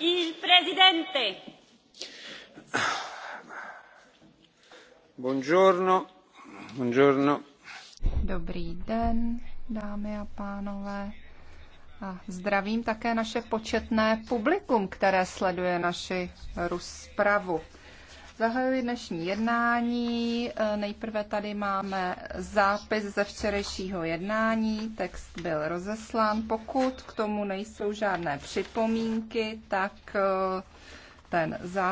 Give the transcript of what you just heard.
Il presidente. Dobrý den, dámy a pánové. A zdravím také naše početné publikum, které sleduje naši rozpravu. Zahajuji dnešní jednání. E, nejprve tady máme zápis ze včerejšího jednání. Text byl rozeslán. Pokud k tomu nejsou žádné připomínky, tak e, ten zápis